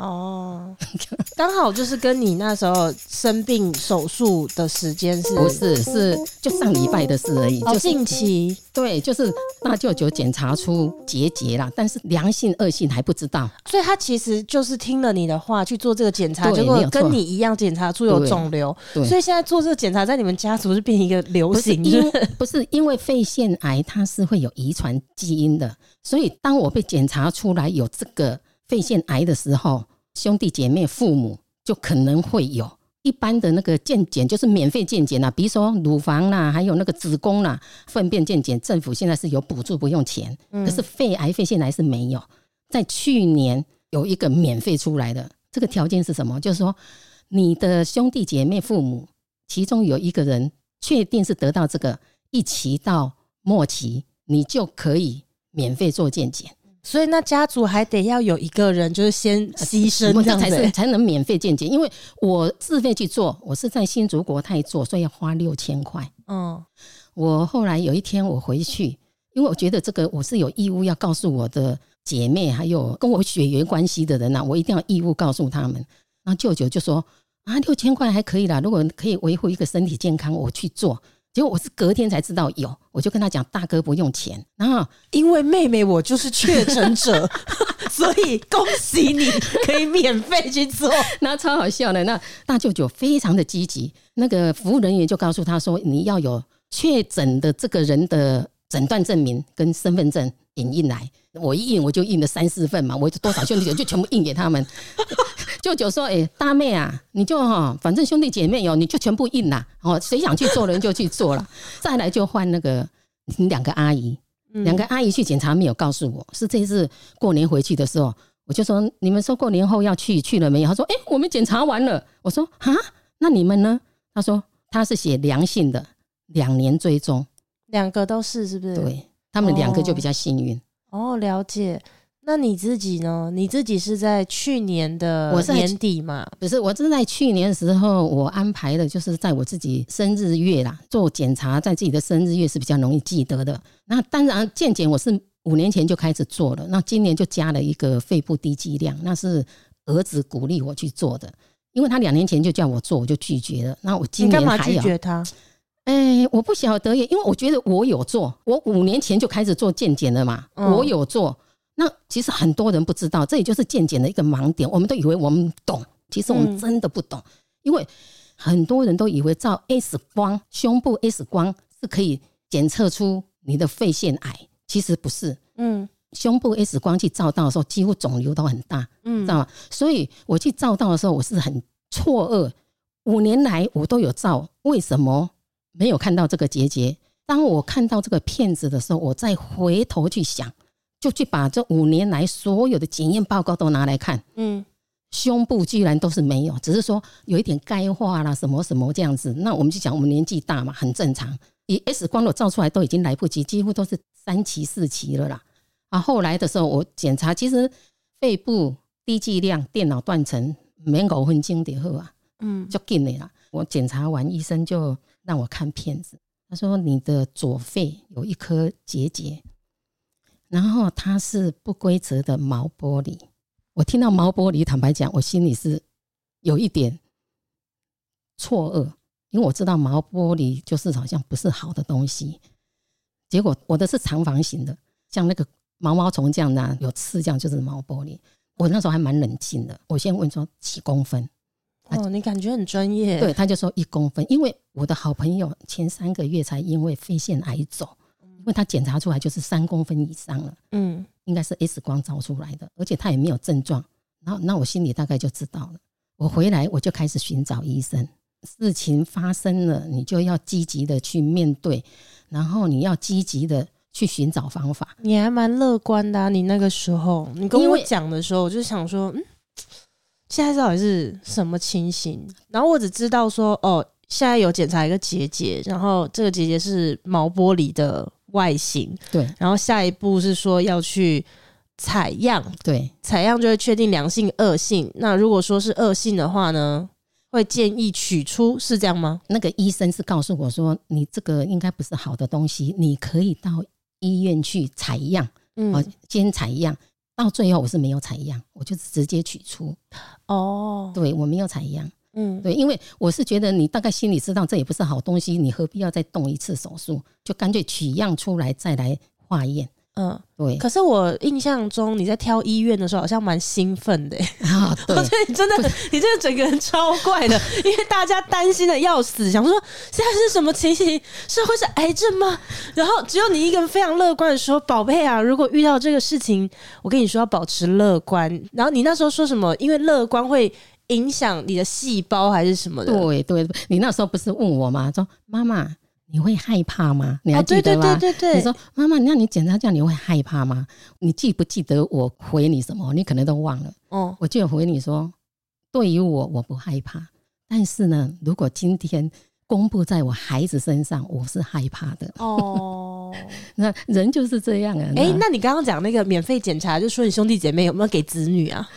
哦，剛好就是跟你那時候生病手術的時間是不是？不是，是，就上禮拜的事而已。好、哦，近期對，就是大舅舅檢查出結節啦，但是良性惡性還不知道。所以他其實就是聽了你的話去做這個檢查，對結果跟你一樣檢查出有腫瘤。所以現在做這個檢查，在你們家族是不是變一個流行了，不是因不是因為肺腺癌，它是會有遺傳基因的。所以當我被檢查出來有這個。肺腺癌的時候，兄弟姐妹、父母就可能會有。一般的那個健檢就是免費健檢啊，比如說乳房啦、啊，還有那個子宮啦、啊、糞便健檢，政府現在是有補助，不用錢。嗯、可是肺癌、肺腺、腺癌是沒有。在去年有一個免費出來的，這個條件是什麼？就是說你的兄弟姐妹、父母其中有一個人確定是得到這個一期到末期，你就可以免費做健檢。所以那家族還得要有一個人，就是先犧牲這樣子，欸這才、才能免費鑑定，因為我自費去做，我是在新竹國泰做，所以要花六千塊。嗯，我後來有一天我回去，因為我覺得這個我是有義務要告訴我的姐妹，還有跟我血緣關係的人呢、啊，我一定要義務告訴他們。然後舅舅就說：“啊，六千塊還可以啦，如果可以維護一個身體健康，我去做。”結果我是隔天才知道有，我就跟他講：“大哥不用錢，然後因為妹妹我就是確診者， 所以恭喜你可以免費去做。”那超好笑的，那大舅舅非常的積極，那個服務人員就告訴他說：“你要有確診的這個人的診斷證明跟身份證。”影印來，我一印我就印了三四份嘛，我有多少兄弟姐妹就全部印給他們。舅舅 說：“哎、欸，大妹啊，你就哈、喔，反正兄弟姐妹有、喔、你就全部印啦，哦、喔，誰想去做人就去做了， 再來就換那個兩個阿姨，兩、嗯、個阿姨去檢查沒有告訴我？告訴我是這次過年回去的時候，我就說你們說過年後要去去了沒有？他說：哎、欸，我們檢查完了。我說：哈，那你們呢？他說他是寫良性的，兩年追蹤，兩個都是是不是？對。他們兩個就比較幸運哦，哦，了解。那你自己呢？你自己是在去年的年底嘛？不是，我是在去年的時候，我安排的就是在我自己生日月啦做檢查，在自己的生日月是比較容易記得的。那當然，健檢我是五年前就開始做了，那今年就加了一個肺部低劑量，那是兒子鼓勵我去做的，因為他兩年前就叫我做，我就拒絕了。那我今年還，你幹嘛拒絕他？哎、欸，我不曉得耶，因為我覺得我有做，我五年前就開始做健檢了嘛，哦、我有做。那其實很多人不知道，這也就是健檢的一個盲點。我們都以為我們懂，其實我們真的不懂，嗯、因為很多人都以為照 X 光、胸部 X 光是可以檢測出你的肺腺癌，其實不是。嗯，胸部 X 光去照到的時候，幾乎腫瘤都很大，嗯、知道嗎？所以我去照到的時候，我是很錯愕。五年來我都有照，為什麼？沒有看到這個結節，節。當我看到這個片子的時候，我再回頭去想，就去把這五年來所有的檢驗報告都拿來看。嗯，胸部居然都是沒有，只是說有一點鈣化啦，什麼什麼這樣子。那我們就講，我們年紀大嘛，很正常。以 X 光的照出來都已經來不及，幾乎都是三期、四期了啦。啊，後來的時候我檢查，其實肺部低劑量電腦斷層沒五分鐘就好啊，嗯，就進來了。我檢查完，醫生就。讓我看片子，他說你的左肺有一顆結節，然後它是不規則的毛玻璃。我聽到毛玻璃，坦白講，我心裡是有一點錯愕，因為我知道毛玻璃就是好像不是好的東西。結果我的是長方形的，像那個毛毛蟲這樣呢、啊，有刺這樣就是毛玻璃。我那時候還蠻冷靜的，我先問說幾公分？哦，你感覺很專業。對，他就說一公分，因為我的好朋友前三個月才因為肺腺癌走，因為他檢查出來就是三公分以上了，嗯，應該是 s 光照出來的，而且他也沒有症狀，然後那我心裡大概就知道了。我回來我就開始尋找醫生，事情發生了，你就要積極的去面對，然後你要積極的去尋找方法。你還蠻樂觀的、啊、你那個時候你跟我講的時候，為我就想說，嗯。現在到底是什麼情形？然後我只知道說，哦，現在有檢查一個結節，然後這個結節是毛玻璃的外形。對，然後下一步是說要去採樣。對，採樣就會確定良性惡性。那如果說是惡性的話呢，會建議取出，是這樣嗎？那個醫生是告訴我說，你這個應該不是好的東西，你可以到醫院去採樣，嗯、哦，先採樣。到最後我是沒有採樣，我就直接取出。哦，oh. 對，我沒有採樣。嗯，對，因為我是覺得你大概心裡知道這也不是好東西，你何必要再動一次手術？就乾脆取樣出來再來化驗。嗯，對。可是我印象中，你在挑醫院的時候好像蠻興奮的、欸，哦，對，我覺得你真的，是你這個整個人超怪的。 因為大家擔心的要死，想說現在是什麼情形，是會是癌症嗎？然後只有你一個人非常樂觀的說：“寶貝 啊，如果遇到這個事情，我跟你說要保持樂觀。”然後你那時候說什麼？因為樂觀會影響你的細胞還是什麼的？對對，你那時候不是問我嗎？說媽媽。媽媽你會害怕嗎？你還記得嗎？哦，對對對對對。你說媽媽，讓你檢查這樣，你會害怕嗎？你記不記得我回你什麼？你可能都忘了。嗯，我就回你說，對於我，我不害怕。但是呢，如果今天。公布在我孩子身上，我是害怕的。哦，那 人就是這樣啊。誒、欸，那你剛剛講那個免費檢查，就說你兄弟姐妹有沒有給子女啊？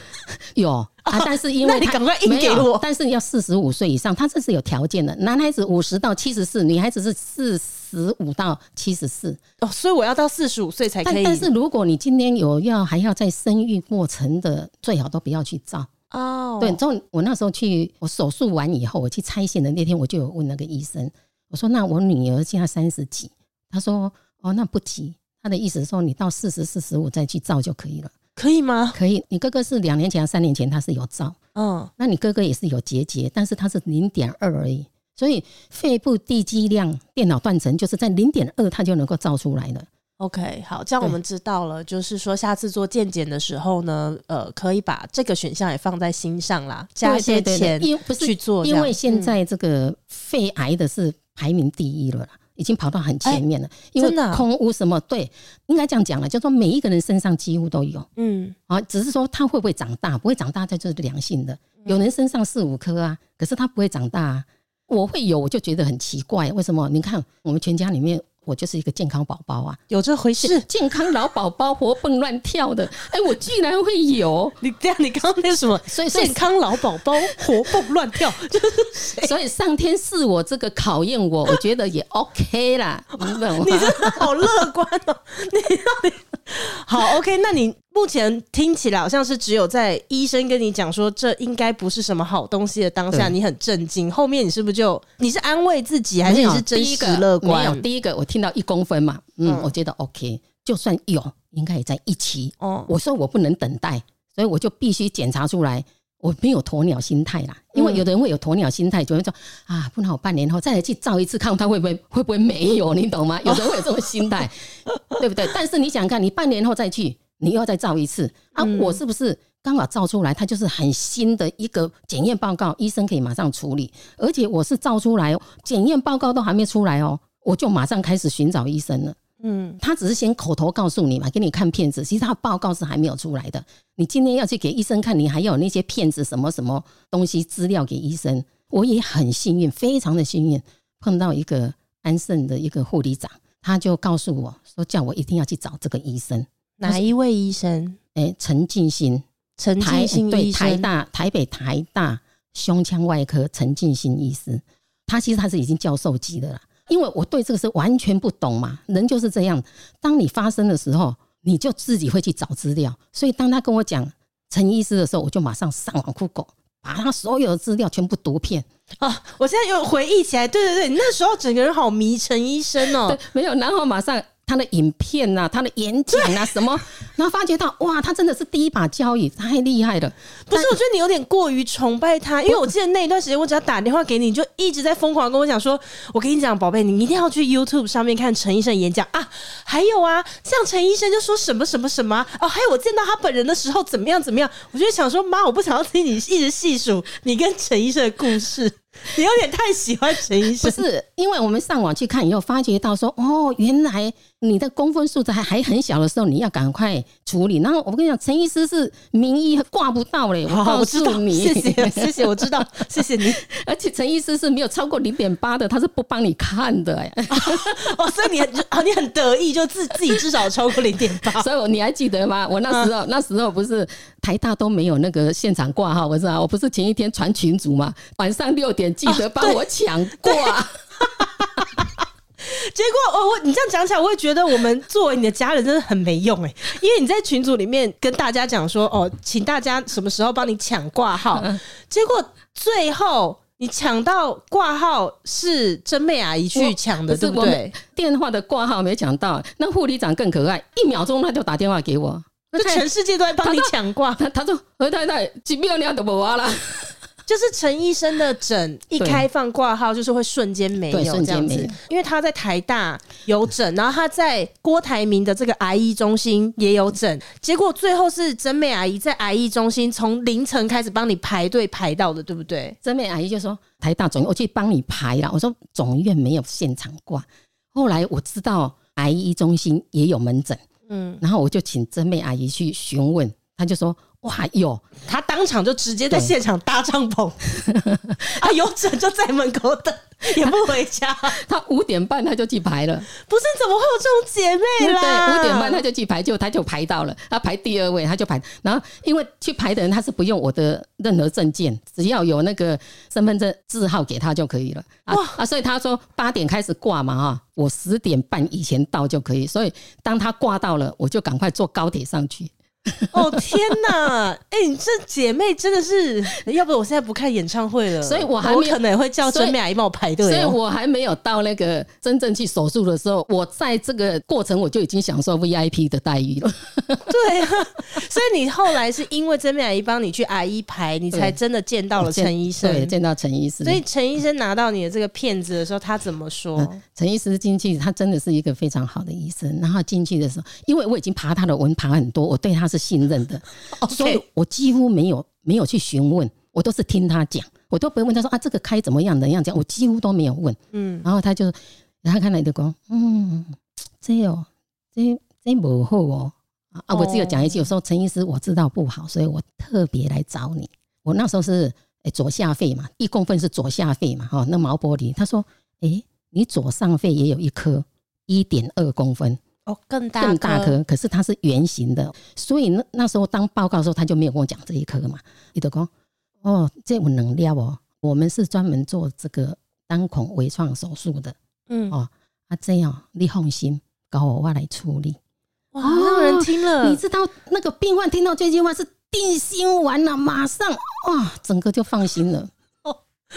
有、哦、啊，但是因為你趕快印給我，但是你要四十五歲以上，他這是有條件的。男孩子五十到七十四，女孩子是四十五到七十四。哦，所以我要到四十五歲才可以但。但是如果你今天有要還要在生育過程的，最好都不要去照。哦，oh. 對，之後我那時候去，我手術完以後，我去拆線的那天，我就有問那個醫生，我說：“那我女兒現在三十幾？”他說：“哦，那不急。”他的意思是說，你到四十四十五再去照就可以了，可以嗎？可以。你哥哥是兩年前、三年前他是有照。哦，oh. 那你哥哥也是有結節，但是他是零點二而已，所以肺部低劑量電腦斷層就是在零點二，它就能夠照出來的。OK，好，這樣我們知道了，對就是說下次做健檢的時候呢，呃，可以把這個選項也放在心上啦，加一些錢對對對去做，因為現在這個肺癌的是排名第一了，嗯、已經跑到很前面了，欸、因為的空無什麼、啊、對，應該這樣講了，就說每一個人身上幾乎都有，嗯，啊，只是說他會不會長大，不會長大的就是良性的，有人身上四五顆啊，嗯、可是他不會長大、啊，我會有，我就覺得很奇怪，為什麼？你看我們全家裡面。我就是一個健康寶寶啊，有這回事是？健康老寶寶活蹦亂跳的，哎、 欸，我居然會有你這樣，你剛剛那什麼？所以健康老寶寶活蹦亂跳， 就是所以上天賜我這個考驗我，我覺得也 OK 啦。 你，你真的好樂觀哦、喔， 你到底？好，OK。那你目前聽起來好像是只有在醫生跟你講說這應該不是什麼好東西的當下，對你很震驚。後面你是不是就你是安慰自己，還是你是真實樂觀？沒有，第一個，第一個我聽到一公分嘛，嗯，嗯，我覺得 OK，就算有，應該也在一期哦。我說我不能等待，所以我就必須檢查出來。我沒有鴕鳥心態啦，因為有的人會有鴕鳥心態，嗯、就會說啊，不然我半年後再來去照一次，看看它會不會會不會沒有，你懂嗎？有的會有這種心態， 對不對？但是你想看，你半年後再去，你又要再照一次，嗯、啊，我是不是剛好照出來，它就是很新的一個檢驗報告，醫生可以馬上處理，而且我是照出來，檢驗報告都還沒出來哦，喔，我就馬上開始尋找醫生了。嗯，他只是先口頭告訴你嘛，給你看片子，其實他報告是還沒有出來的。你今天要去給醫生看，你還有那些片子什麼什麼東西資料給醫生。我也很幸運，非常的幸運，碰到一個安盛的一個護理長，他就告訴我說，叫我一定要去找這個醫生。哪一位醫生？欸，陳晉興，陳晉興醫生，對，台大台北台大胸腔外科陳晉興醫師，他其實他是已經教授級的了。因為我對這個事完全不懂嘛，人就是這樣。當你發生的時候，你就自己會去找資料。所以當他跟我講陳醫師的時候，我就馬上上網酷狗，把他所有的資料全部讀遍啊！我現在又回憶起來，對對對，那時候整個人好迷陳醫生哦，沒有，然後馬上。他的影片吶、啊，他的演講啊， 什麼，然後發覺到，哇，他真的是第一把交椅，太厲害了。不是，但我覺得你有點過於崇拜他，因為我記得那一段時間，我只要打電話給你，就一直在瘋狂跟我講說，我跟你講，寶貝，你一定要去 YouTube 上面看陳醫生的演講啊。還有啊，像陳醫生就說什麼什麼什麼，哦、啊，還有我見到他本人的時候怎麼樣怎麼樣，我就想說，媽，我不想要聽你一直細數你跟陳醫生的故事。你有點太喜歡陳醫生，不是？因為我們上網去看以後，又發覺到說，哦，原來你的公分數字還還很小的時候，你要趕快處理。然後我跟你講，陳醫師是名醫，掛不到嘞。我告訴你。我知道，謝謝，謝謝，我知道，謝謝你。而且陳醫師是沒有超過零點八的，他是不幫你看的、欸。哦，所以你你很得意，就自自己至少超過零點八。所以你還記得嗎？我那時候、啊、那時候不是台大都沒有那個現場掛號，我知道、啊，我不是前一天傳群組嘛，晚上六點。記得幫我搶掛，哦，啊 結果哦，我你這樣講起來，我會覺得我們作為你的家人真的很沒用哎，欸，因為你在群組裡面跟大家講說，哦，請大家什麼時候幫你搶掛號，結果最後你搶到掛號是真妹阿姨去搶的我，對不對？電話的掛號沒搶到，那護理長更可愛，一秒鐘他就打電話給我，那全世界都在幫你搶掛，他說，何太太幾秒你都不掛啦就是陳醫生的診一開放掛號，就是會瞬間沒有這樣子，因為他在台大有診，然後他在郭台銘的這個癌醫中心也有診，結果最後是真美阿姨在癌醫中心從凌晨開始幫你排隊排到的，對不對？真美阿姨就說：“台大總院我去幫你排了。”我說：“總醫院沒有現場掛。”後來我知道癌醫中心也有門診，嗯，然後我就請真美阿姨去詢問，她就說。哇喲！有他當場就直接在現場搭帳篷，對啊，有車就在門口等，也不回家。啊、他五點半他就去排了，不是怎麼會有這種姐妹啦？對，五點半他就去排，就他就排到了，他排第二位，他就排。然後因為去排的人他是不用我的任何證件，只要有那個身份證字號給他就可以了。哇啊！所以他說八點開始掛嘛，啊，我十點半以前到就可以。所以當他掛到了，我就趕快坐高鐵上去。哦天哪！哎、欸，你這姐妹真的是，欸、要不然我現在不看演唱會了。所以我有可能會叫真美阿姨幫我排隊。所以，哦、所以我還沒有到那個真正去手術的時候，我在這個過程我就已經享受 V I P 的待遇了。對，啊，所以你後來是因為真美阿姨幫你去挨一排，你才真的見到了陳醫生對？對，見到陳醫生。所以陳醫生拿到你的這個片子的時候，他怎麼說？陳、嗯、醫師進去，他真的是一個非常好的醫生。然後進去的時候，因為我已經爬他的文，爬很多，我對他是。是信任的 Okay，所以我幾乎沒有沒有去詢問，我都是聽他講，我都不會問他說啊，這個開怎麼樣？怎樣講？我幾乎都沒有問。嗯，然後他就，他看來就說，嗯，這哦、喔，這這不好哦。啊，我只有講一句，有、哦、說候陳醫師，我知道不好，所以我特別來找你。我那時候是誒、欸，左下肺嘛，一公分是左下肺嘛，哈、喔，那毛玻璃。他說，誒、欸，你左上肺也有一顆一點二公分。哦，更大更大顆，可是它是圓形的，所以那那時候當報告的時候，他就沒有跟我講這一顆嘛。他就說，哦，這我能量哦，我們是專門做這個單孔微創手術的，嗯哦，那、啊、這樣、哦、你放心，搞我過來處理，哇、哦，讓人聽了、哦，你知道那個病患聽到這句話是定心丸了，馬上哇、哦，整個就放心了。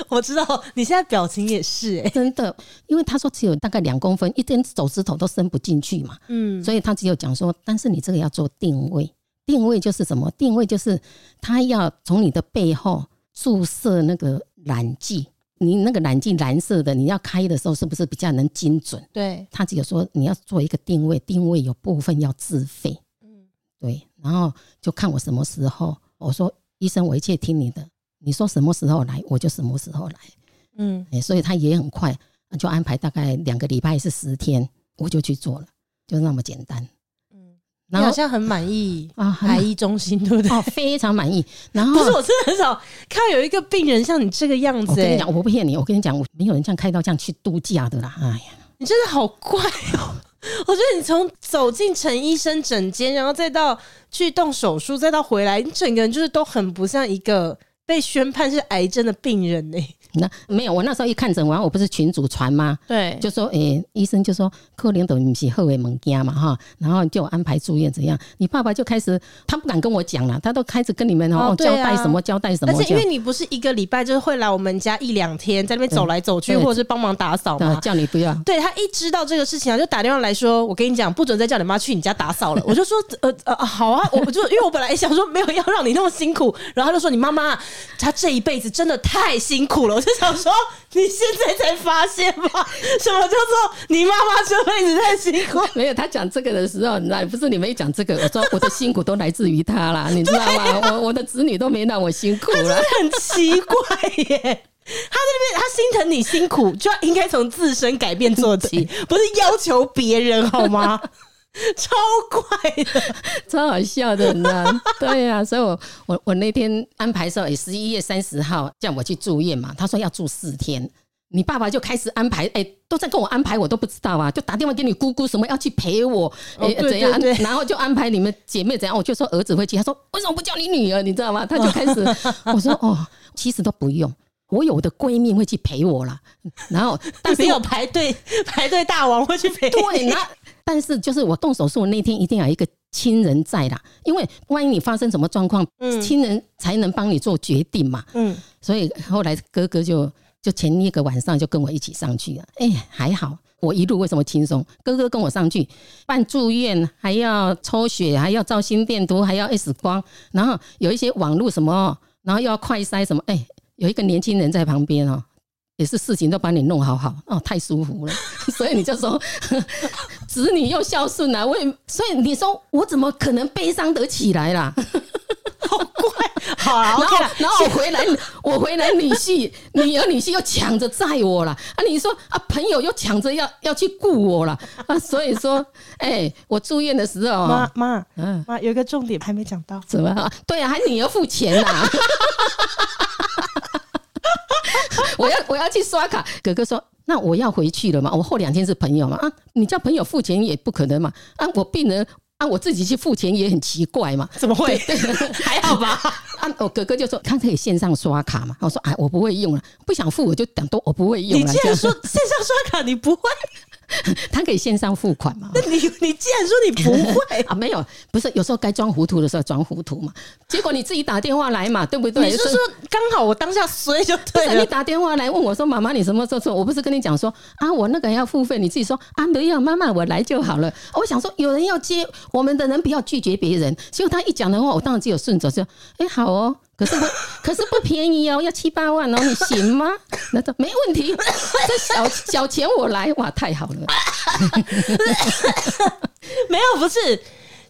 我知道你現在表情也是哎、欸，真的，因為他說只有大概兩公分，一根手指頭都伸不進去嘛，嗯，所以他只有講說，但是你這個要做定位，定位就是什麼？定位就是他要從你的背後注射那個染劑，你那個染劑藍色的，你要開的時候是不是比較能精準？對，他只有說你要做一個定位，定位有部分要自費，嗯，對，然後就看我什麼時候，我說醫生，我一切聽你的。你說什麼時候來，我就什麼時候來，嗯、欸，所以他也很快就安排，大概兩個禮拜還是十天，我就去做了，就那麼簡單，嗯。然後好像很滿意啊，啊，台醫中心對不對？啊、非常滿意。然後，不是，我真的很少看到有一個病人像你這個樣子、欸。我跟你講，我不騙你，我跟你講，我沒有人像開刀這樣去度假的啦。哎呀，你真的好怪哦、喔！我覺得你從走進陳醫生診間，然後再到去動手術，再到回來，你整個人就是都很不像一個。被宣判是癌症的病人呢？那沒有，我那時候一看診完，我不是群組傳嗎？對，就說，誒、欸，醫生就說克林頓是荷爾蒙家嘛，哈，然後就安排住院怎樣？你爸爸就開始，他不敢跟我講了，他都開始跟你們哦交代什麼交代什麼。就但是因為你不是一個禮拜就是會來我們家一兩天，在那邊走來走去，或者是幫忙打掃嘛，叫你不要。對，他一知道這個事情啊，就打電話來說，我跟你講，不准再叫你媽去你家打掃了。 我就說，呃呃，好啊，我就因為我本來想說沒有要讓你那麼辛苦，然後他就說你媽媽。他這一輩子真的太辛苦了，我就想說，你現在才發現嗎？什麼叫做你媽媽這輩子太辛苦？沒有，他講這個的時候，那不是你沒講這個。我說，我的辛苦都來自於他啦， 你知道嗎？啊、我我的子女都沒讓我辛苦了，很奇怪耶。他在那邊，他心疼你辛苦，就要應該從自身改變做起，對不是要求別人好嗎？ 超怪的，超好笑的，對呀、啊。所以我，我我我那天安排的時候，哎，十一月三十號叫我去住院嘛，他說要住四天，你爸爸就開始安排，哎、欸，都在跟我安排，我都不知道啊，就打電話給你姑姑，什麼要去陪我，誒、欸，怎樣？然後就安排你們姐妹怎樣，我就說兒子會去，他說為什麼不叫你女兒，你知道嗎？他就開始，我說哦，其實都不用。我有的閨蜜會去陪我了，然後但是我沒有排隊排隊大王會去陪。對，然後但是就是我動手術那天一定要一個親人在啦，因為萬一你發生什麼狀況，親、嗯、人才能幫你做決定嘛。嗯、所以後來哥哥就就前一個晚上就跟我一起上去了。哎、欸，還好我一路為什麼輕鬆？哥哥跟我上去辦住院，還要抽血，還要照心電圖，還要 X 光，然後有一些網絡什麼，然後又要快篩什麼，哎、欸。有一個年輕人在旁邊哦，也是事情都幫你弄好好哦，太舒服了，所以你就說子女又孝順了、啊，所以你說我怎麼可能悲傷得起來啦？好怪，好、啊 然，然後我回來，我回來女婿、 女兒、女婿又搶着載我了啊！你說啊，朋友又搶着要要去顧我了啊！所以說、欸，我住院的時候，媽，媽嗯，媽有一個重點還沒講到，怎麼、啊？對啊，還是你要付錢吶？ 我要我要去刷卡，哥哥說那我要回去了嘛，我後兩天是朋友嘛啊，你叫朋友付錢也不可能嘛啊，我病人啊，我自己去付錢也很奇怪嘛，怎麼會？對，對。還好吧？啊，我哥哥就說他可以線上刷卡嘛，我說哎、啊、我不會用了，不想付我就等都，我不會用了。你竟然說，這樣說，線上刷卡你不會？他可以線上付款嘛？那你你既然說你不會 啊，沒有，不是有時候該裝糊塗的時候裝糊塗嘛。結果你自己打電話來嘛，啊、對不對？你是說剛好我當下所以就對了、啊。你打電話來問我說：“媽媽，你什麼時候做？”我不是跟你講說啊，我那個要付費，你自己說啊，沒有，媽媽我來就好了。我想說有人要接我們的人不要拒絕別人。結果他一講的話，我當然只有順着說：“哎、欸，好哦。”可是不， 可是不便宜哦，要七八萬哦，你行嗎？那這沒問題，這小小錢我來，哇，太好了！ 沒有，不是，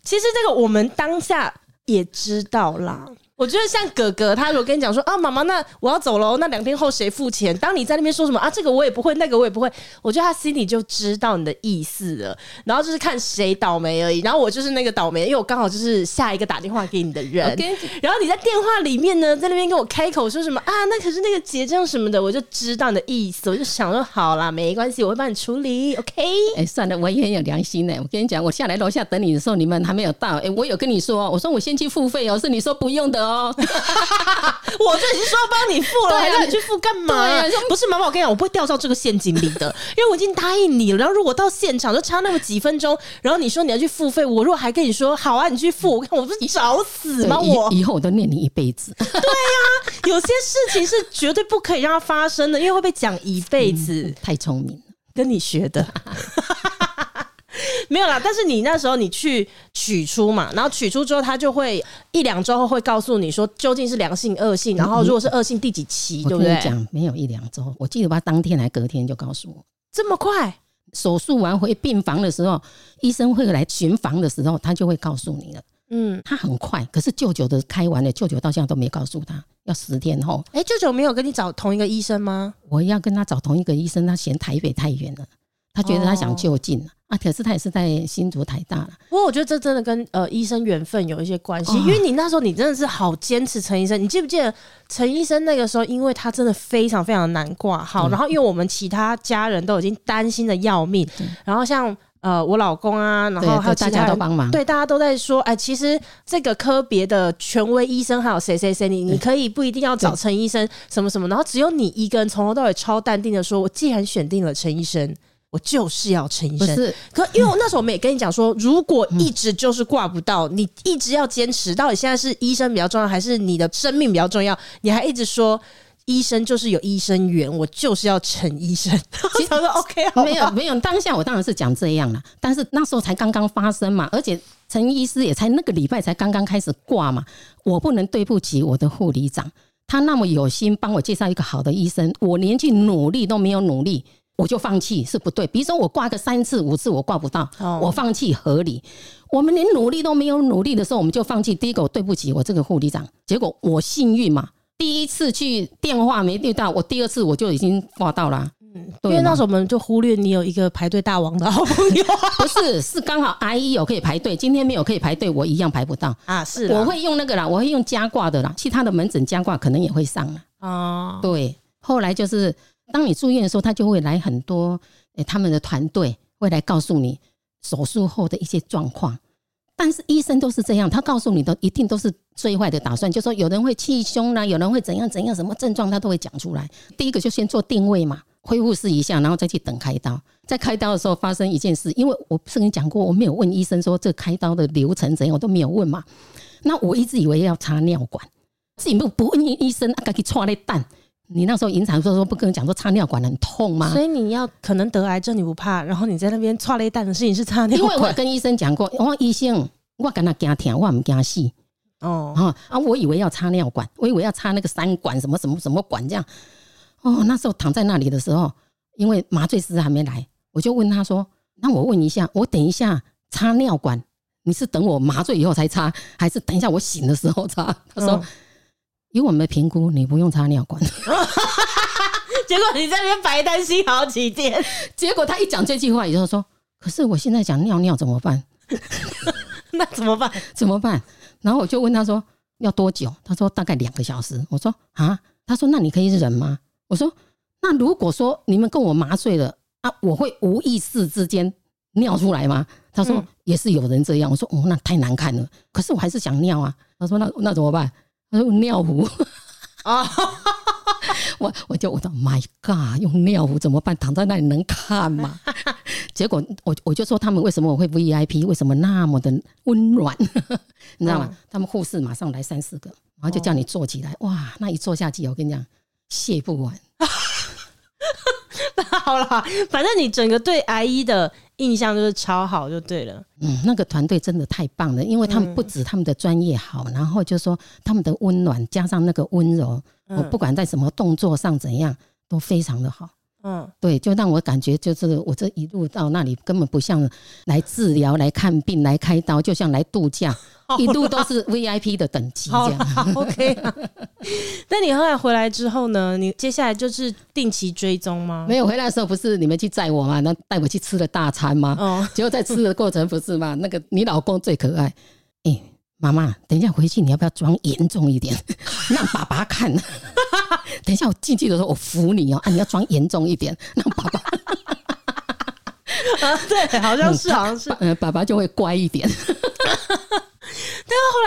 其實這個我們當下也知道啦。我覺得像哥哥，他如果跟你講說啊，媽媽，那我要走咯，那兩天後誰付錢？當你在那邊說什麼啊，這個我也不會，那個我也不會，我覺得他心裡就知道你的意思了，然後就是看誰倒霉而已。然後我就是那個倒霉，因為我剛好就是下一個打電話給你的人。 然後你在電話裡面呢，在那邊跟我開口說什麼啊？那可是那個結賬什麼的，我就知道你的意思，我就想說好啦，沒關係，我會幫你處理。OK，哎，欸、算了，我也很有良心呢、欸。我跟你講，我下來樓下等你的時候，你們還沒有到。哎、欸，我有跟你說，我說我先去付費，哦，是你說不用的、哦。哦， 我就已經說幫你付了，啊、還讓你去付幹嘛？呀、啊？啊、不是，媽媽。我跟你講，我不會掉到這個陷阱裡的，因為我已經答應你了。然後，如果到現場就差那麼幾分鐘，然後你說你要去付費，我如果還跟你說好啊，你去付，我看我不是找死嗎？對我以後我都念你一輩子。對呀、啊，有些事情是絕對不可以讓它發生的，因為會被講一輩子。太聰明了，跟你學的。嗯 沒有啦，但是你那時候你去取出嘛，然後取出之後，他就會一兩周後會告訴你說究竟是良性惡性，然後，然後如果是惡性第幾期，我跟你講，對不對？沒有一兩周，我記得他當天來，隔天就告訴我，這麼快？手術完回病房的時候，醫生會來巡房的時候，他就會告訴你了。嗯，他很快，可是舅舅的開完了，舅舅到現在都沒告訴他，要十天後。哎、欸，舅舅沒有跟你找同一個醫生嗎？我要跟他找同一個醫生，他嫌台北太遠了，他覺得他想就近了。哦啊，可是他也是在新竹台大啦。不過我覺得這真的跟呃醫生緣分有一些關係，哦、因為你那時候你真的是好堅持陳醫生。你記不記得陳醫生那個時候，因為他真的非常非常難掛號，對然後因為我們其他家人都已經擔心的要命，對然後像呃我老公啊，然後還有大家都幫忙，對，大家都在說，哎、欸，其實這個科別的權威醫生還有誰誰誰，你對你可以不一定要找陳醫生什麼什麼，然後只有你一個人從頭到尾超淡定的說，我既然選定了陳醫生。我就是要陳醫生，不是？可因為我那時候我們也跟你講說，嗯、如果一直就是掛不到，嗯、你一直要堅持。到底現在是醫生比較重要，還是你的生命比較重要？你還一直說醫生就是有醫生緣，我就是要陳醫生。其實他說 OK，好沒有沒有，當下我當然是講這樣了。但是那時候才剛剛發生嘛，而且陳醫師也才那個禮拜才剛剛開始掛嘛，我不能對不起我的護理長，他那麼有心幫我介紹一個好的醫生，我連去努力都沒有努力。我就放棄是不對，比如說我掛個三次、五次我掛不到，oh. 我放棄合理。我們連努力都沒有努力的時候我們就放棄。第一個我對不起我這個護理長，結果我幸運嘛，第一次去電話沒遇到，我第二次我就已經掛到啦。嗯，對嘛因為那時候我們就忽略你有一個排隊大王的好朋友、啊， 不是，是剛好阿姨有可以排隊，今天沒有可以排隊，我一樣排不到啊。是，我會用那個啦，我會用加掛的啦，其他的門診加掛可能也會上了、啊。哦，oh. 對，後來就是。當你住院的時候，他就會來很多，哎，他們的團隊會來告訴你手術後的一些狀況。但是醫生都是這樣，他告訴你的一定都是最壞的打算，就是說有人會氣胸啦、啊，有人會怎樣怎樣，什麼症狀他都會講出來。第一個就先做定位嘛，恢復試一下，然後再去等開刀。在開刀的時候發生一件事，因為我不是跟你講過，我沒有問醫生說這開刀的流程怎樣，我都沒有問嘛。那我一直以為要插尿管，自己不不問醫生，阿家去戳那蛋。你那時候引產說說不跟你講說插尿管很痛嗎？所以你要可能得癌症你不怕，然後你在那邊插了一單的事情是插尿管。因為我跟醫生講過，我、哦、醫生我跟他驚疼，我唔驚死哦啊我以為要插尿管，我以為要插那個三管什麼什麼什麼管這樣。哦，那時候躺在那裡的時候，因為麻醉師還沒來，我就問他說：“那我問一下，我等一下插尿管，你是等我麻醉以後才插，還是等一下我醒的時候插？”嗯、他說：“因為我們沒評估你不用插尿管。”結果你在那邊白擔心好幾天， 結果他一講這句話，也就是說，可是我現在想尿尿怎麼辦？ 那怎麼辦？怎麼辦？然後我就問他說要多久？他說大概兩個小時。我說啊，他說那你可以忍嗎？我說那如果說你們跟我麻醉了啊，我會無意識之間尿出來嗎？他說、嗯、也是有人這樣。我說哦，那太難看了。可是我還是想尿啊。他說那那怎麼辦？他說尿壺啊。 我我就我說，My God，用尿壺怎麼辦？躺在那裡能看嗎？ 結果我我就說他們為什麼我會 VIP，為什麼那麼的溫暖？ 你知道嗎？嗯、他們護士馬上來三四個，然後就叫你坐起來。哦、哇，那一坐下去，我跟你講，洩不完。 那好了，反正你整個對 I E 的。印象就是超好就對了，嗯，那個團隊真的太棒了，因為他們不止他們的專業好，嗯、然後就是說他們的溫暖加上那個溫柔，嗯、我不管在什麼動作上怎樣都非常的好，嗯，對，就讓我感覺就是我這一路到那裡根本不像來治療、來看病、來開刀，就像來度假。一度都是 VIP 的等級這樣好、啊、好，OK、啊。 那你後來回來之後呢？你接下來就是定期追蹤嗎？沒有回來的時候不是你們去載我嘛？那帶我去吃了大餐嗎？哦。結果在吃的過程不是嗎？ 那個你老公最可愛。哎、欸，媽媽，等一下回去你要不要裝嚴重一點， 讓爸爸看？等一下我進去的時候我扶你哦、喔。啊，你要裝嚴重一點，讓爸爸。 啊，對，好像是、啊，好像、嗯、是。嗯，爸爸就會乖一點。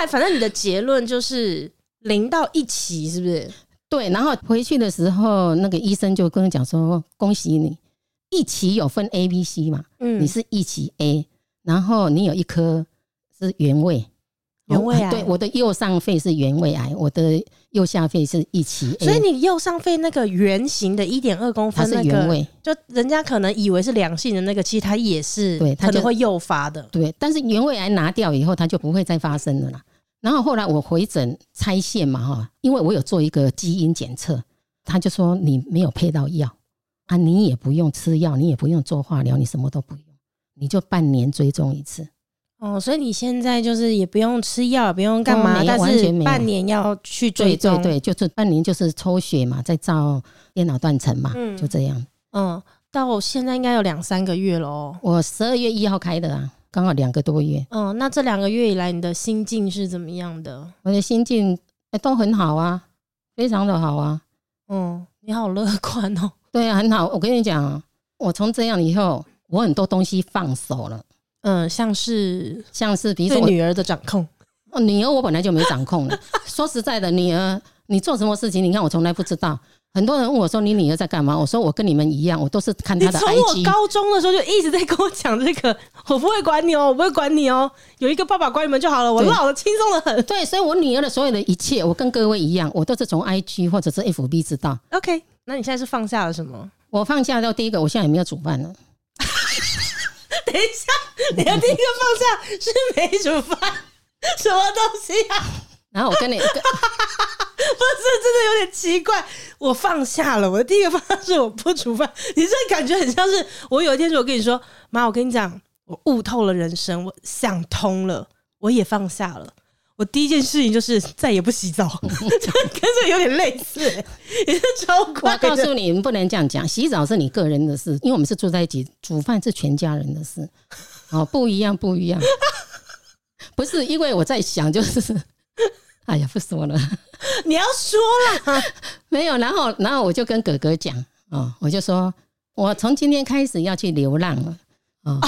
反正你的結論就是零到一期，是不是？對，然後回去的時候，那個醫生就跟你講說：“恭喜你，一期有分 A、B、C 嘛，嗯，你是一期 A，然後你有一顆是原位，原位啊、哦，對，我的右上肺是原位癌，我的右下肺是一期 A，所以你右上肺那個圓形的，一點二公分、那個，它是原位，就人家可能以為是良性的那個，其實它也是可能，對，它就會誘發的，對，但是原位癌拿掉以後，它就不會再發生了啦。”然後後來我回診拆線嘛哈，因為我有做一個基因檢測，他就說，你沒有配到藥啊，你也不用吃藥，你也不用做化療，你什麼都不用，你就半年追蹤一次。哦，所以你現在就是也不用吃藥，也不用幹嘛，媽但是半年要去追蹤。對，對對，就是半年就是抽血嘛，再照電腦斷層嘛，嗯，就這樣。嗯，到現在應該有兩三個月咯。我十二月一號開的啊。剛好兩個多月，嗯，那這兩個月以來，你的心境是怎麼樣的？我的心境、欸、都很好啊，非常的好啊，嗯，你好樂觀哦。對啊，很好。我跟你講，我從這樣以後，我很多東西放手了，嗯，像是像是比如說女兒的掌控，哦，女兒我本來就沒掌控 說實在的，女兒你做什麼事情，你看我從來不知道。很多人問我說：“你女兒在幹嘛？”我說：“我跟你們一樣，我都是看她的 IG。”所以我高中的時候就一直在跟我講這個，我不會管你哦，我不會管你哦，有一個爸爸管你們就好了，我老的輕鬆的很。對，所以，我女兒的所有的一切，我跟各位一樣，我都是從 IG 或者是 FB 知道。OK，那你現在是放下了什麼？我放下到第一個，我現在也沒有煮飯呢。等一下，你的第一個放下是沒煮飯，什麼東西啊？然後我跟你跟 不是，不，這真的有點奇怪。我放下了，我的第一個方式是我不煮飯。你這感覺很像是我有一天是我跟你說，媽，我跟你講，我悟透了人生，我想通了，我也放下了。我第一件事情就是再也不洗澡，跟這 有點類似、欸， 也是超快。我告訴你，不能這樣講，洗澡是你個人的事，因為我們是住在一起，煮飯是全家人的事， 哦，不一樣，不一樣， 不是因為我在想，就是。哎呀，不說了，你要說了沒有？然後，然後我就跟哥哥講，啊，我就說，我從今天開始要去流浪了，啊，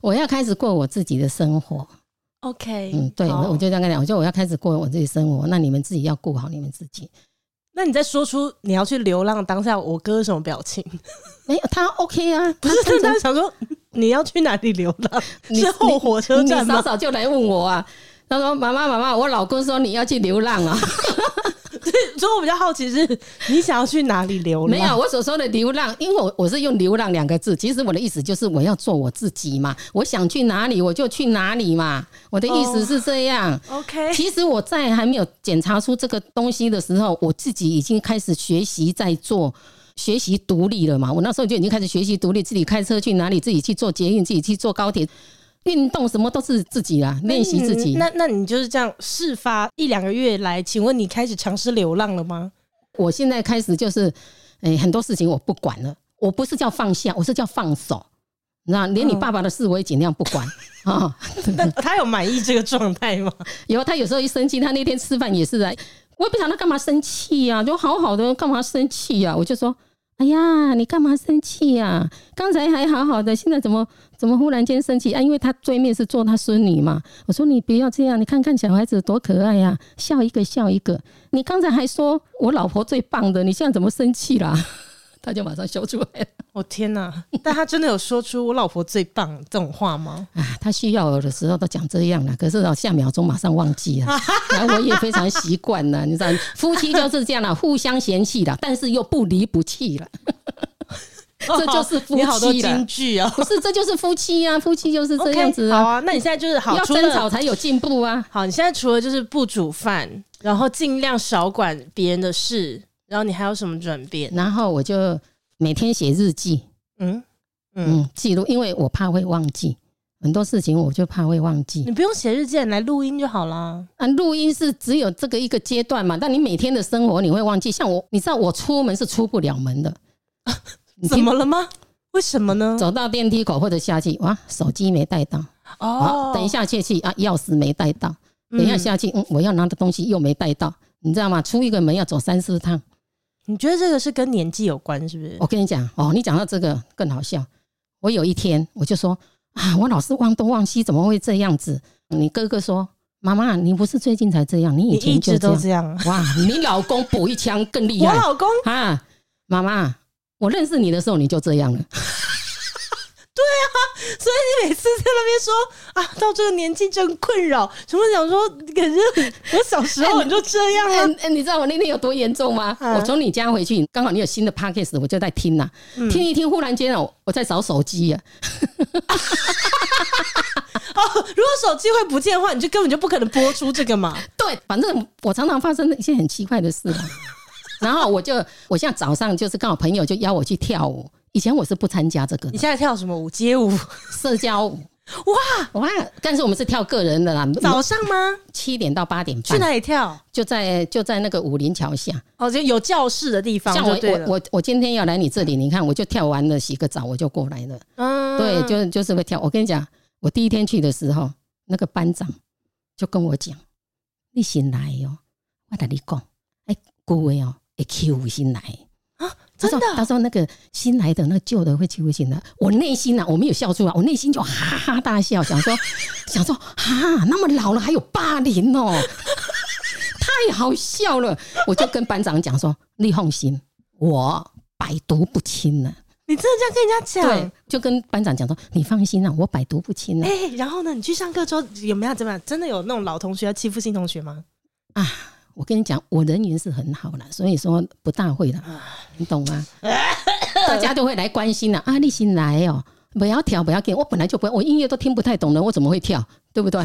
我要開始過我自己的生活。OK，嗯，對，我就這樣跟你講，我說我要開始過我自己生活，那你們自己要顧好你們自己。那你再說出你要去流浪當下，我哥什麼表情？沒有，他 OK 啊，不是他想說你要去哪裡流浪？是後火車站嗎？你早早就來問我啊。他說：“媽媽，媽媽，我老公說你要去流浪啊。”所以，所以我比較好奇是，你想要去哪裡流浪？沒有，我所說的流浪，因為我我是用“流浪”兩個字，其實我的意思就是我要做我自己嘛，我想去哪裡我就去哪裡嘛，我的意思是這樣。Oh, OK，其實我在還沒有檢查出這個東西的時候，我自己已經開始學習在做學習獨立了嘛。我那時候就已經開始學習獨立，自己開車去哪裡，自己去坐捷運，自己去坐高鐵。運動什麼都是自己啊，練習你自己。那那你就是這樣事發一兩個月來，請問你開始嘗試流浪了嗎？我現在開始就是、欸，很多事情我不管了。我不是叫放下，我是叫放手。那連你爸爸的事我也盡量不管啊。但他有滿意這個狀態嗎？有。他有時候一生氣，他那天吃飯也是啊。我也不想他幹嘛生氣呀、啊，就好好的幹嘛生氣呀、啊？我就說。哎呀，你幹嘛生氣呀、啊？剛才還好好的，現在怎麼怎麼忽然間生氣啊？因為他對面是做他孫女嘛。我說你不要這樣，你看看小孩子多可愛呀、啊，笑一個笑一個。你剛才還說我老婆最棒的，你現在怎麼生氣啦？他就馬上笑出來，我、哦、天哪！但他真的有說出“我老婆最棒”這種話嗎？ 啊，他需要我的時候都講這樣了，可是到、啊、下秒鐘馬上忘記了。啊、哈哈哈哈，然後我也非常習慣了， 你知道，夫妻就是這樣了，互相嫌棄了，但是又不離不棄了。 這就是夫妻啊，哦、不是，這就是夫妻啊！夫妻就是這樣子啊 Okay, 好啊，那你現在就是好，要爭吵才有進步啊！好，你現在除了就是不煮飯，然後盡量少管別人的事。然後你還有什麼轉變？然後我就每天寫日記，嗯嗯，記錄，因為我怕會忘記很多事情，我就怕會忘記。你不用寫日記，來錄音就好啦。啊，錄音是只有這個一個階段嘛？但你每天的生活你會忘記，像我，你知道我出門是出不了門的，怎麼了嗎？為什麼呢？走到電梯口或者下去，哇，手機沒帶到哦。等一下下去啊，鑰匙沒帶到。等一下下去，嗯，嗯我要拿的東西又沒帶到，你知道嗎？出一個門要走三四趟。你覺得這個是跟年紀有關，是不是？我跟你講哦，你講到這個更好笑。我有一天我就說啊，我老是忘東忘西，怎麼會這樣子？你哥哥說，媽媽，你不是最近才這樣，你以前就這樣，你一直都這樣。哇， 你老公補一槍更厲害。我老公啊，媽媽，我認識你的時候你就這樣了。對啊，所以你每次在那邊說啊，到這個年紀真困擾。什麼想說，感覺我小時候你就這樣啊？欸你,欸、你知道我那天有多嚴重嗎？啊、我從你家回去，剛好你有新的 podcast，我就在聽呢、啊，嗯、聽一聽。忽然間哦，我在找手機呀、啊。 哦，如果手機會不見的話，你就根本就不可能播出這個嘛。對，反正我常常發生一些很奇怪的事。 然後我就，我現在早上就是剛好朋友就邀我去跳舞。以前我是不參加這個，你現在跳什麼舞？街舞、社交舞？哇哇！但是我們是跳個人的啦。早上嗎？七點到八點半。去哪裡跳？就在就在那個武林橋下。哦，就有教室的地方。像我我我我今天要來你這裡，你看我就跳完了，洗個澡我就過來了。嗯，對，就就是會跳。我跟你講，我第一天去的時候，那個班長就跟我講：“你先來喲，我跟你講，哎，各位哦，一去舞先來。”真的，到時候那個新來的，那舊的會欺負新的。我內心啊，我沒有笑出來，我內心就哈哈大笑，想說， 想說，哈那麼老了還有霸凌哦， 太好笑了。我就跟班長講說：“你放 心，我百毒不侵了，啊。”你真的這樣跟人家講，就跟班長講說：“你放心啊，我百毒不侵了，啊。”哎，欸，然後呢，你去上課之後有沒有怎麼樣？真的有那種老同學要欺負新同學嗎？啊。我跟你講，我人緣是很好了，所以說不大會了、啊，你懂嗎？ 大家都會來關心了、啊，阿立新來哦、喔，不要跳，不要給我。本來就不會，我音樂都聽不太懂了，我怎麼會跳，對不對？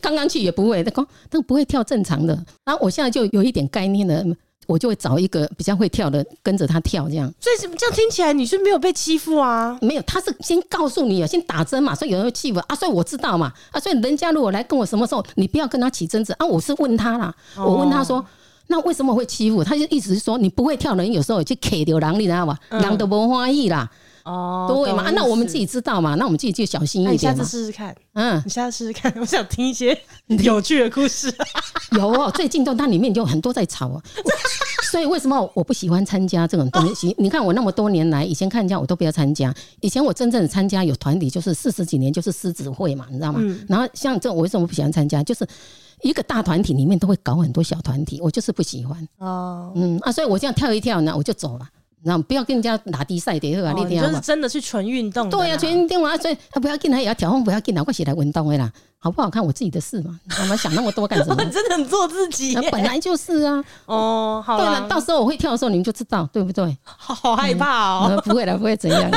剛剛 去也不會，他剛他不會跳正常的，然、啊、後我現在就有一點概念了。我就會找一個比較會跳的，跟着他跳這樣。所以這樣聽起來你是沒有被欺負啊？沒有，他是先告訴你啊，先打針嘛。所以有人會欺負啊，所以我知道嘛。啊，所以人家如果來跟我什麼時候，你不要跟他起爭執啊。我是問他啦，我問他說，哦、那為什麼會欺負？他就一直說你不會跳人，有時候就 kick 掉人，你知道嗎？嗯、人都不歡喜啦。哦，對嘛？那我們自己知道嘛？那我們自己就小心一點。你下次試試看，嗯，你下次試試看。我想聽一些有趣的故事。 有哦，最近都它裡面就很多在吵啊， 所以為什麼我不喜歡參加這種東西？Oh. 你看我那麼多年來，以前看人家我都不要參加。以前我真正的參加有團體，就是四十幾年就是獅子會嘛，你知道嗎？嗯、然後像這種，我為什麼不喜歡參加？就是一個大團體裡面都會搞很多小團體，我就是不喜歡。哦、oh. 嗯，嗯啊，所以我這樣跳一跳呢，我就走了。然後不要跟人家打比賽的，對吧？那天啊，哦、是真的是純運動的。對呀、啊，純運動啊，所以他不要跟，他、啊、也要調不要跟，啊、我來快起來運動的啦，好不好看？我自己的事嘛，幹嘛 想那麼多幹什麼？ 真的很做自己，本來就是啊。哦，好了、啊，到時候我會跳的時候，你們就知道，對不對？好，好害怕哦、喔嗯，不會了，不會怎樣。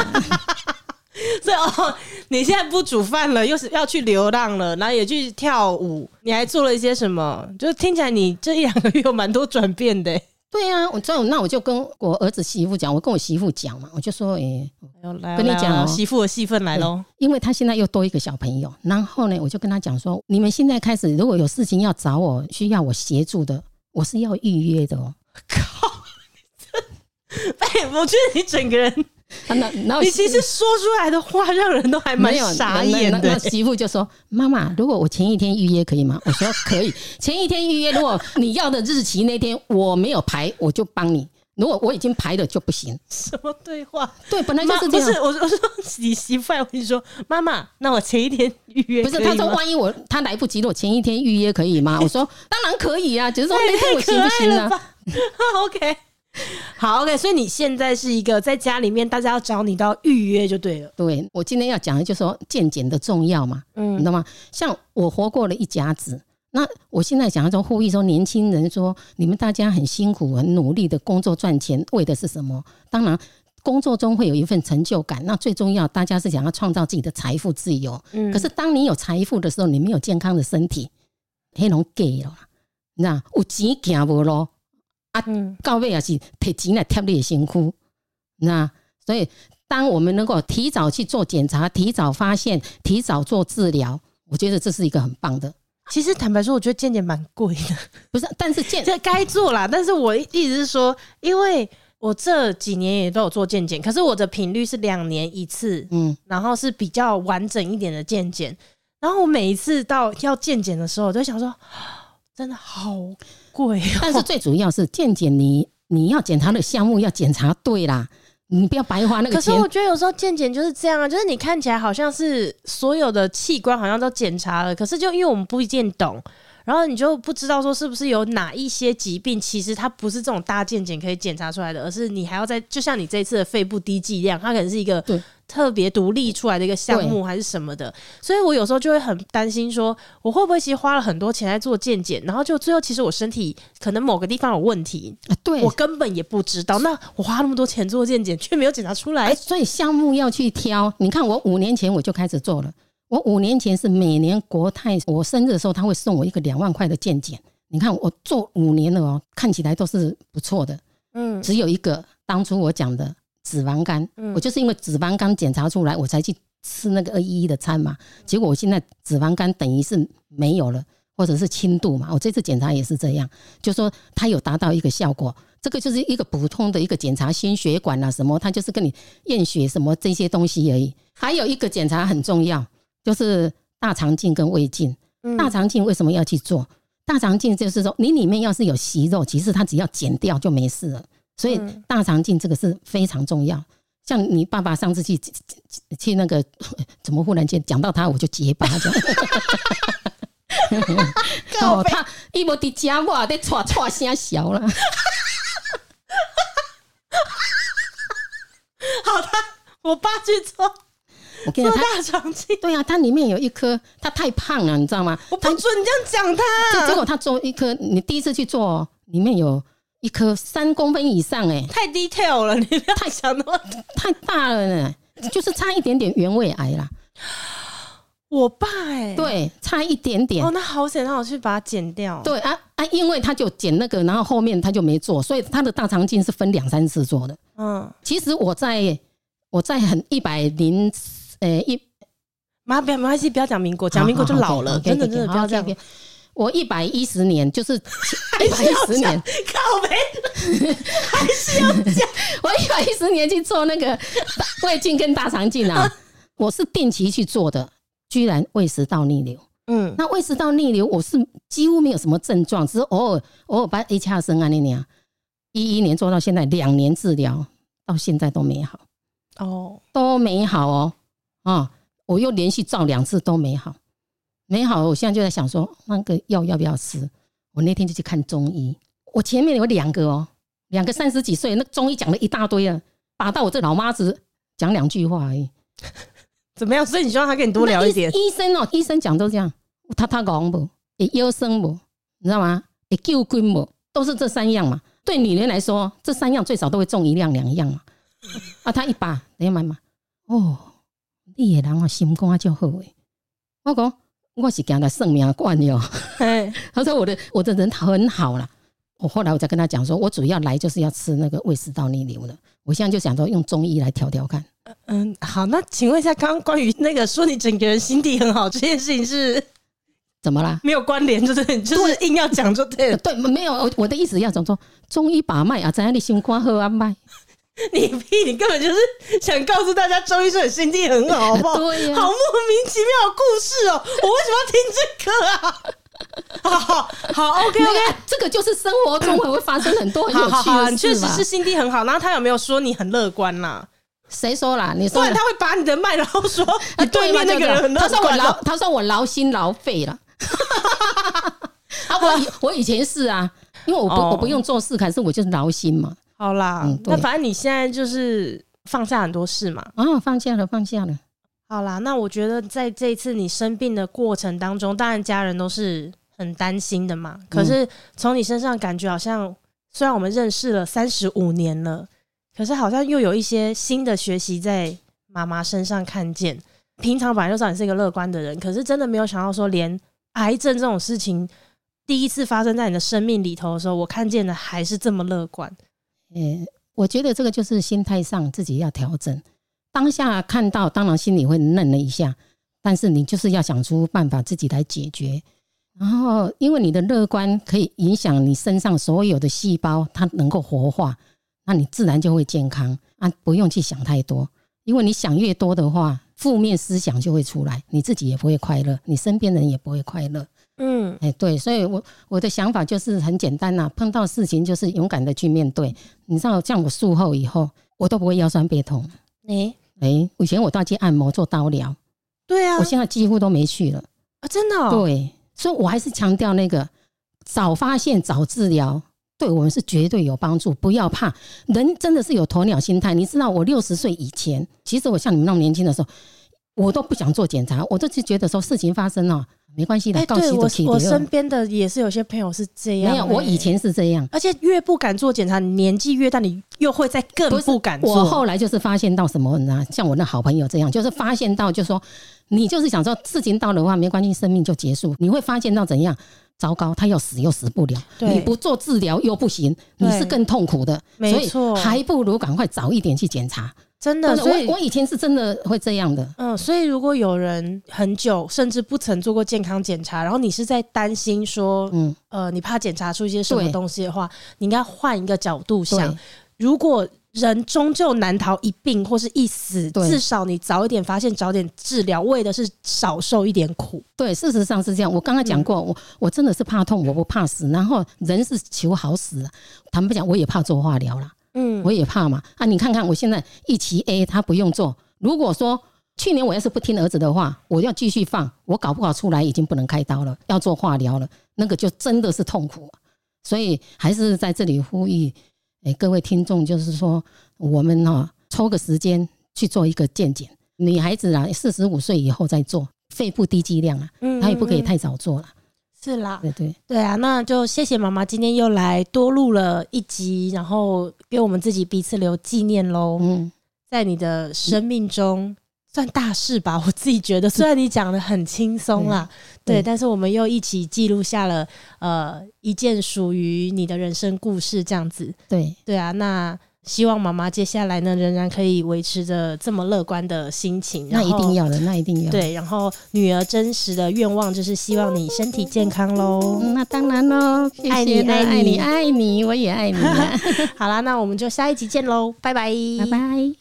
所以哦，你現在不煮飯了，又是要去流浪了，然後也去跳舞，你還做了一些什麼？就是聽起來，你這一兩個月有蠻多轉變的、欸。對呀、啊，我知道，那我就跟我兒子媳婦講，我跟我媳婦講嘛，我就說，哎、欸，來了來了跟你講、喔，媳婦的戲份來嘍、喔，因為他現在又多一個小朋友。然後呢，我就跟他講說，你們現在開始如果有事情要找我，需要我協助的，我是要預約的哦、喔。靠你！哎、欸，我覺得你整個人。那、啊、那，然後你其實說出來的話讓人都還蠻傻眼的。那那那那媳婦就說：“媽媽，如果我前一天預約可以嗎？”我說：“可以， 前一天預約，如果你要的日期那天我沒有排，我就幫你；如果我已經排了就不行。”什麼對話？對，本來就是這樣。不是，我說我說你媳婦，我跟你說，媽媽，那我前一天預約不是？她說，萬一我她來不及了，我前一天預約可以嗎？我說當然可以啊，就是說那天我行不行呢？啊、欸、oh, OK。好，OK，所以你現在是一個在家裡面，大家要找你都要預約就對了。對，我今天要講的就是說健檢的重要嘛，嗯，你知道嗎？像我活過了一甲子，那我現在想要說呼籲說年輕人說，你們大家很辛苦很努力的工作賺錢，為的是什麼？當然工作中會有一份成就感，那最重要大家是想要創造自己的財富自由。嗯，可是當你有財富的時候，你沒有健康的身體，黑龍給了。那有錢夾不咯？啊，嗯、告別也是，體檢呢，貼的也辛苦，那所以，當我們能夠提早去做檢查，提早發現，提早做治療，我覺得這是一個很棒的。其實坦白說，我覺得健檢蠻貴的，不是？但是健這該做啦，但是我一直是說，因為我這幾年也都有做健檢，可是我的頻率是兩年一次，嗯，然後是比較完整一點的健檢，然後我每一次到要健檢的時候，我就想說。真的好貴喔，但是最主要是健檢，你你要檢查的項目要檢查對啦，你不要白花那個錢。可是我覺得有時候健檢就是這樣啊，就是你看起來好像是所有的器官好像都檢查了，可是就因為我們不一定懂，然後你就不知道說是不是有哪一些疾病，其實它不是這種大健檢可以檢查出來的，而是你還要再，就像你這一次的肺部低劑量，它可能是一個。特別獨立出來的一個項目還是什麼的，所以我有時候就會很擔心，說我會不會其實花了很多錢來做健檢，然後就最後其實我身體可能某個地方有問題，對我根本也不知道。那我花那麼多錢做健檢，卻沒有檢查出來，對所以項目要去挑。你看，我五年前我就開始做了，我五年前是每年國泰我生日的時候，他會送我一個兩萬塊的健檢。你看我做五年了哦，看起來都是不錯的，嗯，只有一個當初我講的。脂肪肝，我就是因為脂肪肝檢查出來，我才去吃那個二一一的餐嘛。結果我現在脂肪肝等於是沒有了，或者是輕度嘛。我這次檢查也是這樣，就是說它有達到一個效果。這個就是一個普通的一個檢查，心血管啊，什麼，它就是跟你驗血什麼這些東西而已。還有一個檢查很重要，就是大腸鏡跟胃鏡。大腸鏡為什麼要去做？大腸鏡就是說你裡面要是有息肉，其實它只要剪掉就沒事了。所以大腸鏡這個是非常重要，像你爸爸上次去去那個，怎麼忽然間講到他我就結巴，講。哦，他一毛 的加我，得喘喘聲小了。好，他我爸去做我，我做大腸鏡。對啊，他裡面有一顆，他太胖了，你知道嗎？我不准這樣講他。結果他做一顆，你第一次去做，裡面有。一顆三公分以上、欸，太 detail 了，你不要想太想那麼太大了呢、欸， 就是差一點點原位癌啦。我爸、欸，哎，對，差一點點，哦，那好險，讓我去把它剪掉。對啊啊，因為他就剪那個，然後後面他就沒做，所以他的大腸鏡是分兩三次做的。嗯，其實我在我在很一百零，哎一，媽，沒關係，不要講民國，講民國就老了，哦哦、okay, okay, okay, 真的真的不要這樣。Okay, okay, okay, okay, okay. 我一百一十年就是一百一十年，靠背，還是要講。我一百一十年去做那個胃鏡跟大腸鏡啊，我是定期去做的，居然胃食道逆流。嗯，那胃食道逆流，我是幾乎沒有什麼症狀，只是偶爾偶爾把 HR 升啊你啊一一年做到現在兩年治療，到現在都沒好哦，都沒好哦，啊、嗯，我又連續照兩次都沒好。沒好，我現在就在想說，那個藥要不要吃？我那天就去看中醫，我前面有兩個哦、喔，兩個三十幾歲，那中醫講了一大堆啊，打到我這老媽子講兩句話而已，怎麼樣？所以你希望他跟你多聊一點？醫生哦，醫生講、喔、都這樣，他他講不，腰酸不，你知道嗎？也救規不，都是這三樣嘛。對女人來說，這三樣最少都會中一樣兩樣嘛。 啊，他一把，你要買嘛。哦，你也人哦、啊，心肝就好誒，我講。我是給他算命啊，慣的哦。哎，他說我的我的人很好了。我後來我再跟他講說，我主要來就是要吃那個胃食道逆流的。我現在就想說用中醫來調調看嗯。嗯好，那請問一下，剛關於那個說你整個人心地很好這件事情是怎麼啦？沒有關聯，就是就是硬要講就對了，對、呃。對，沒有，我的意思要講說中醫把脈啊，在那裡心寬喝完脈。你屁！你根本就是想告訴大家，周醫生的心地很好，好不好？啊、好莫名其妙的故事哦，喔！我為什麼要聽這個啊？ 好，好，好，好 OK OK，那個啊，這個就是生活中會會發生很多很有趣的事情。確實是心地很好，然後他有沒有說你很樂觀吶、啊？誰說啦？你說不然他會把你的脈然後說、啊、對， 對面那個人很樂觀、啊，對對對，他說我勞，他說我勞心勞肺了。 啊，啊我我以前是啊，因為我不我不用做事，可是我就是勞心嘛。好啦，嗯、那反正你現在就是放下很多事嘛。啊、哦，放下了，放下了。好啦，那我覺得在這一次你生病的過程當中，當然家人都是很擔心的嘛。可是從你身上感覺好像，嗯、雖然我們認識了三十五年了，可是好像又有一些新的學習在媽媽身上看見。平常本來就知道你是一個樂觀的人，可是真的沒有想到說，連癌症這種事情第一次發生在你的生命裡頭的時候，我看見的還是這麼樂觀。嗯、欸，我覺得這個就是心態上自己要調整。當下看到，當然心裡會愣了一下，但是你就是要想出辦法自己來解決。然後，因為你的樂觀可以影響你身上所有的細胞，它能夠活化，那你自然就會健康啊，不用去想太多。因為你想越多的話，負面思想就會出來，你自己也不會快樂，你身邊人也不會快樂。嗯。哎、欸，對，所以我我的想法就是很簡單吶、啊，碰到事情就是勇敢的去面對。你知道，像我術後以後，我都不會腰酸背痛。哎哎、欸欸，以前我都要去按摩做刀療，對啊，我現在幾乎都沒去了啊，真的、喔。對，所以我還是強調那個早發現早治療，對我們是絕對有幫助。不要怕，人真的是有鴕鳥心態。你知道，我六十歲以前，其實我像你們那麼年輕的時候，我都不想做檢查。我就是覺得說事情發生了、啊。沒關係的。哎、欸，對，我我身邊的也是有些朋友是這樣。沒有，我以前是這樣，而且越不敢做檢查，年紀越大，你又會再更不敢做。做。我後來就是發現到什麼呢？像我那好朋友這樣，就是發現到就是說，你就是想說，事情到了的話沒關係，生命就結束。你會發現到怎樣？糟糕，他要死又死不了，對你不做治療又不行，你是更痛苦的。沒錯，還不如趕快早一點去檢查。真的，是所以我以前是真的會這樣的。嗯，所以如果有人很久甚至不曾做過健康檢查，然後你是在擔心說，嗯，呃，你怕檢查出一些什麼東西的話，對你應該換一個角度想：對如果人終究難逃一病或是一死，對至少你早一點發現，早點治療，為的是少受一點苦。對，事實上是這樣。我剛才講過，嗯、我我真的是怕痛，我不怕死，然後人是求好死。坦白講，我也怕做化療啦。嗯，我也怕嘛，啊！你看看我現在一期 A，他不用做。如果說去年我要是不聽兒子的話，我要繼續放，我搞不好出來已經不能開刀了，要做化療了，那個就真的是痛苦，啊。所以還是在這裡呼籲，哎，欸，各位聽眾，就是說我們哈，啊、抽個時間去做一個健檢。女孩子啊，四十五歲以後再做肺部低劑量啊，她也不可以太早做了。嗯嗯是啦，對，對，對啊，那就謝謝媽媽今天又來多錄了一集，然後給我們自己彼此留紀念嘍。嗯，在你的生命中，嗯，算大事吧，我自己覺得。對，雖然你講得很輕鬆啦，對，對對，但是我們又一起記錄下了呃一件屬於你的人生故事，這樣子。對對啊，那。希望媽媽接下來呢，仍然可以維持着這麼樂觀的心情。那一定要的，那一定要。對，然後女兒真實的願望就是希望你身體健康嘍、嗯。那當然嘍、哦，謝謝啊、愛你，愛你，愛你，愛你，愛你，我也愛你、啊。 好啦，那我們就下一集見嘍，拜拜，拜拜。